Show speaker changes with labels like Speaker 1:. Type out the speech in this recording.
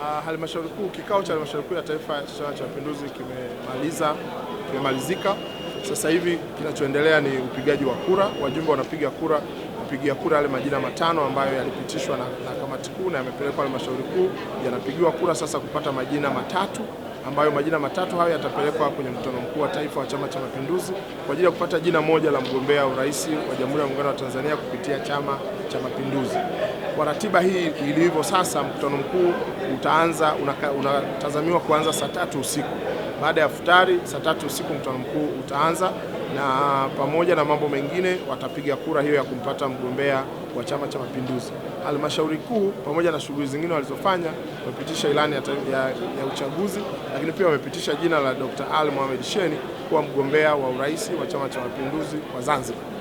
Speaker 1: Uh, halmashauri kuu, kikao cha halmashauri kuu ya taifa ya Chama cha Mapinduzi kimemaliza kimemalizika. Sasa hivi kinachoendelea ni upigaji wa kura, wajumbe wanapiga kura kupigia kura yale majina matano ambayo yalipitishwa na, na kamati kuu na yamepelekwa halmashauri kuu, yanapigiwa kura sasa kupata majina matatu ambayo majina matatu hayo yatapelekwa kwenye mkutano mkuu wa taifa wa Chama cha Mapinduzi kwa ajili ya kupata jina moja la mgombea urais wa Jamhuri ya Muungano wa Tanzania kupitia Chama cha Mapinduzi. Kwa ratiba hii ilivyo sasa, mkutano mkuu utaanza unatazamiwa una kuanza saa tatu usiku. Baada ya futari saa tatu usiku mkutano mkuu utaanza, na pamoja na mambo mengine watapiga kura hiyo ya kumpata mgombea wa Chama cha Mapinduzi. Halmashauri kuu pamoja na shughuli zingine walizofanya, wamepitisha ilani ya, ya, ya uchaguzi, lakini pia wamepitisha jina la Dr. Ali Mohamed Sheni kuwa mgombea wa urais wa Chama cha Mapinduzi wa Zanzibar.